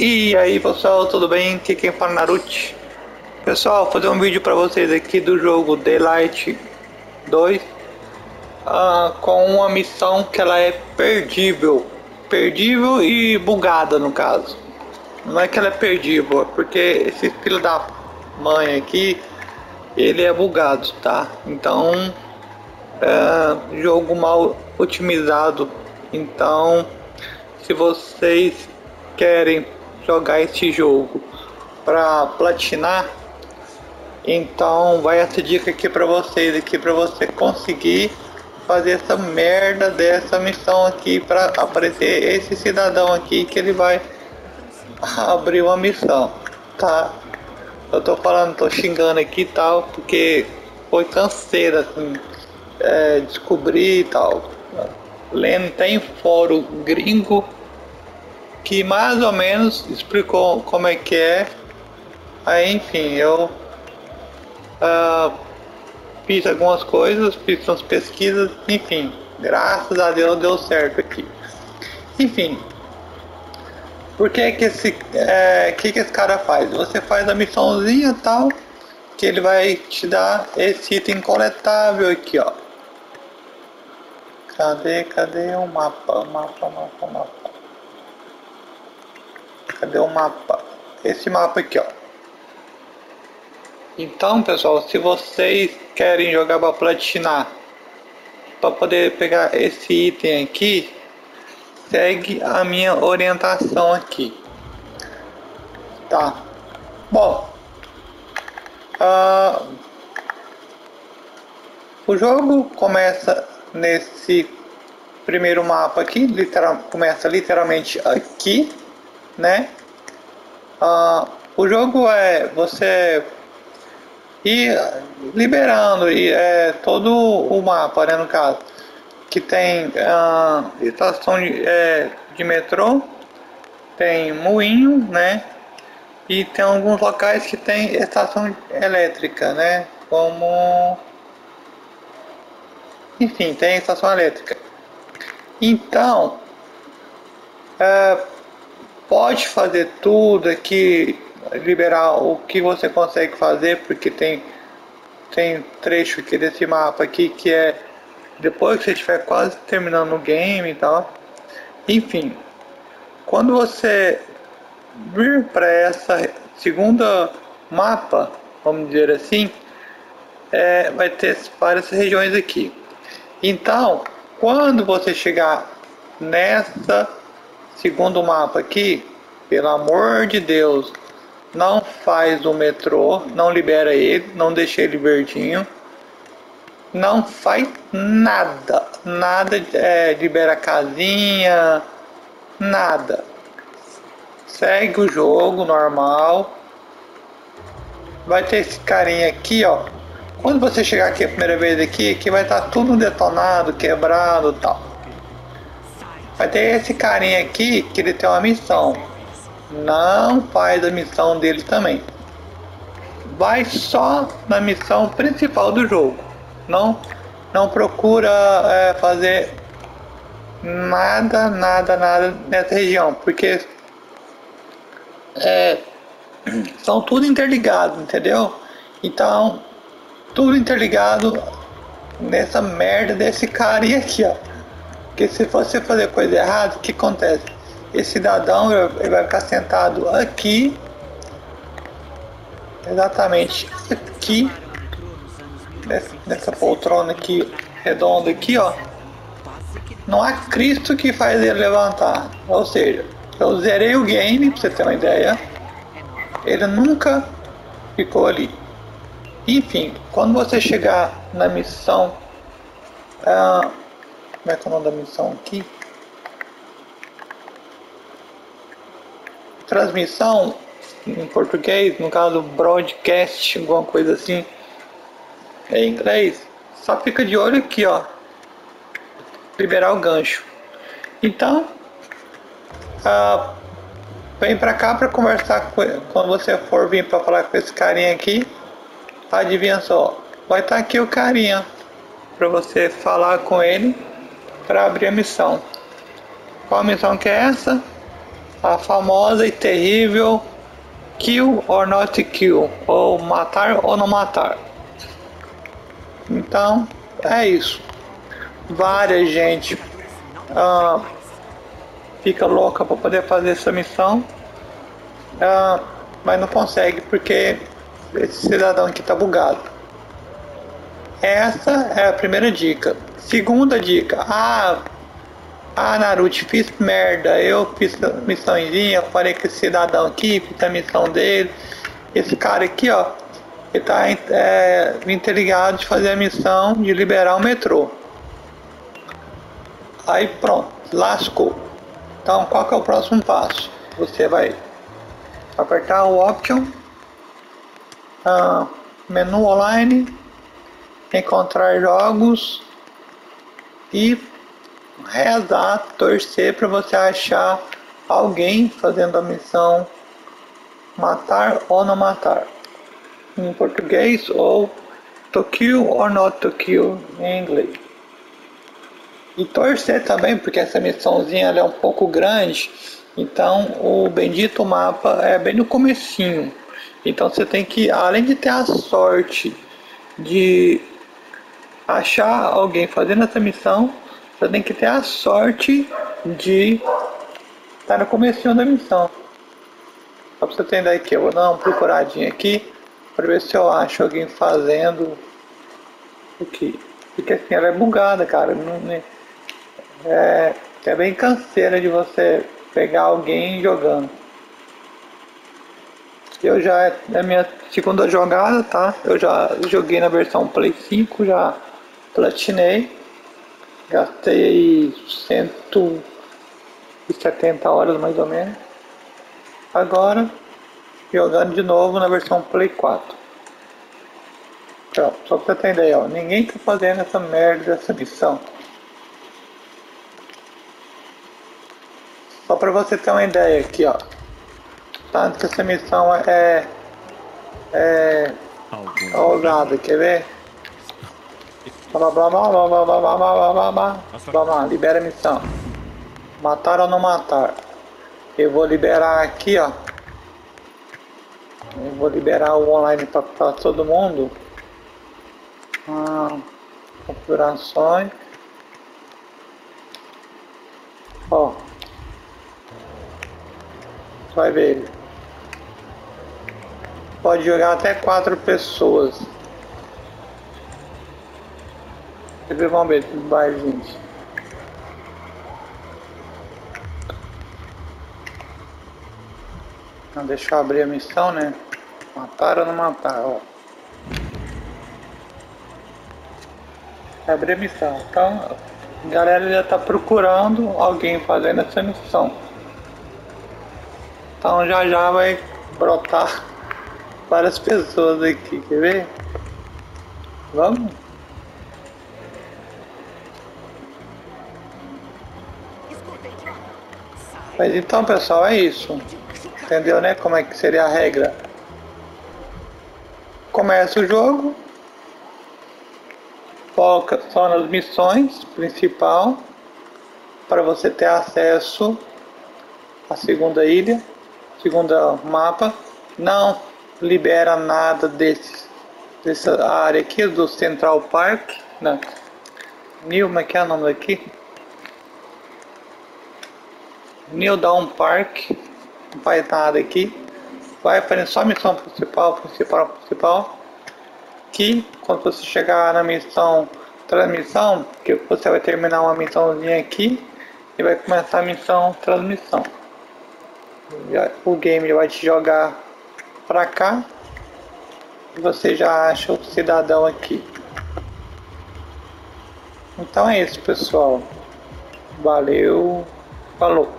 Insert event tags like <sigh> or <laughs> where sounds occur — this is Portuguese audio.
E aí pessoal, tudo bem? Aqui quem fala é Naruto. Pessoal, vou fazer um vídeo para vocês aqui do jogo Daylight 2 uh, ah, com uma missão que ela é perdível. Perdível e bugada no caso. Não é que ela é perdível, é porque esse filho da mãe aqui, ele é bugado, tá? Então, é jogo mal otimizado. Então, se vocês querem jogar esse jogo para platinar, então vai essa dica aqui para vocês aqui para você conseguir fazer essa merda dessa missão aqui para aparecer esse cidadão aqui que ele vai abrir uma missão, tá? Eu tô falando, tô xingando aqui e tal, porque foi canseira assim, é, descobrir e tal. Lendo tem fórum gringo que mais ou menos explicou como é que é. Aí, enfim, eu uh, fiz algumas coisas, fiz umas pesquisas, enfim, graças a Deus deu certo aqui. Enfim, por que que esse, é, que que esse cara faz? Você faz a missãozinha tal, que ele vai te dar esse item coletável aqui, ó. Cadê, cadê o mapa, mapa, mapa, mapa? Cadê o mapa? Esse mapa aqui, ó. Então, pessoal, se vocês querem jogar para platinar, para poder pegar esse item aqui, segue a minha orientação aqui. Tá. Bom. Uh, o jogo começa nesse primeiro mapa aqui, literal, começa literalmente aqui né? Ah, o jogo é você ir liberando e é todo o mapa, né, no caso, que tem ah, estação de, é, de metrô, tem moinho, né? E tem alguns locais que tem estação elétrica, né? Como enfim, tem estação elétrica. Então, é, pode fazer tudo aqui, liberar o que você consegue fazer, porque tem, tem trecho aqui desse mapa aqui que é depois que você estiver quase terminando o game e tal. Enfim, quando você vir para essa segunda mapa, vamos dizer assim, é, vai ter várias regiões aqui. Então, quando você chegar nessa Segundo o mapa aqui, pelo amor de Deus, não faz o metrô, não libera ele, não deixa ele verdinho. Não faz nada, nada, é, libera casinha, nada. Segue o jogo normal. Vai ter esse carinha aqui, ó. Quando você chegar aqui a primeira vez aqui, que vai estar tá tudo detonado, quebrado tal. Vai ter esse carinha aqui que ele tem uma missão. Não faz a missão dele também. Vai só na missão principal do jogo. Não, não procura é, fazer nada, nada, nada nessa região. Porque é, <clears throat> são tudo interligados, entendeu? Então, tudo interligado nessa merda desse carinha aqui, ó. Porque se você fazer coisa errada, o que acontece? Esse cidadão ele vai ficar sentado aqui, exatamente aqui, né, nessa poltrona aqui, redonda aqui, ó. Não há Cristo que faz ele levantar. Ou seja, eu zerei o game, pra você ter uma ideia. Ele nunca ficou ali. Enfim, quando você chegar na missão. Uh, como é que é o nome da missão aqui? Transmissão em português, no caso broadcast, alguma coisa assim. É em inglês. Só fica de olho aqui, ó. Liberar o gancho. Então, ah, vem pra cá pra conversar com Quando você for vir pra falar com esse carinha aqui, tá adivinha só. Vai estar tá aqui o carinha pra você falar com ele para abrir a missão. Qual missão que é essa? A famosa e terrível Kill or Not Kill, ou Matar ou Não Matar. Então, é isso. Várias gente ah, fica louca para poder fazer essa missão, ah, mas não consegue porque esse cidadão aqui tá bugado. Essa é a primeira dica. Segunda dica. Ah, ah Naruto, fiz merda. Eu fiz missãozinha, falei que esse cidadão aqui, fiz a missão dele. Esse cara aqui, ó, ele tá é, interligado de fazer a missão de liberar o metrô. Aí pronto, lascou. Então qual que é o próximo passo? Você vai apertar o Option, ah, menu online, encontrar jogos e rezar, torcer para você achar alguém fazendo a missão matar ou não matar. Em português ou to kill or not to kill em inglês. E torcer também, porque essa missãozinha é um pouco grande, então o bendito mapa é bem no comecinho. Então você tem que, além de ter a sorte de achar alguém fazendo essa missão, você tem que ter a sorte de estar tá no começo da missão. Só pra você entender aqui, eu vou dar uma procuradinha aqui para ver se eu acho alguém fazendo o que. Porque assim, ela é bugada, cara. Né? é, é bem canseira de você pegar alguém jogando. Eu já é a minha segunda jogada, tá? Eu já joguei na versão Play 5, já platinei, gastei 170 horas mais ou menos. Agora, jogando de novo na versão Play 4. Pronto, só pra você ter ideia, ó, ninguém tá fazendo essa merda dessa missão. Só pra você ter uma ideia aqui, ó. Tanto que essa missão é... É... é ousada, quer ver? Blá blá blá blá blá blá blá blá blá blá blá blá Libera a missão. Matar ou não matar? Eu vou liberar aqui, ó. Eu vou liberar o online para todo mundo. Ah, configurações. Ó. Vai ver Pode jogar até quatro pessoas. Teve ver tudo mais gente. Não, deixa eu abrir a missão, né? Mataram ou não mataram, ó. Abrir a missão. Então, a galera já tá procurando alguém fazendo essa missão. Então já já vai brotar <laughs> várias pessoas aqui, quer ver? Vamos? Mas então, pessoal, é isso. Entendeu, né? Como é que seria a regra? Começa o jogo. Foca só nas missões principal. Para você ter acesso à segunda ilha. Segunda mapa. Não libera nada desse, dessa área aqui do Central Park. Não. New, como é que é o nome daqui? New Down Park, não faz nada aqui. Vai fazer só a missão principal, principal, principal. Que quando você chegar na missão transmissão, que você vai terminar uma missãozinha aqui e vai começar a missão transmissão. O game vai te jogar pra cá e você já acha o cidadão aqui. Então é isso pessoal. Valeu, falou!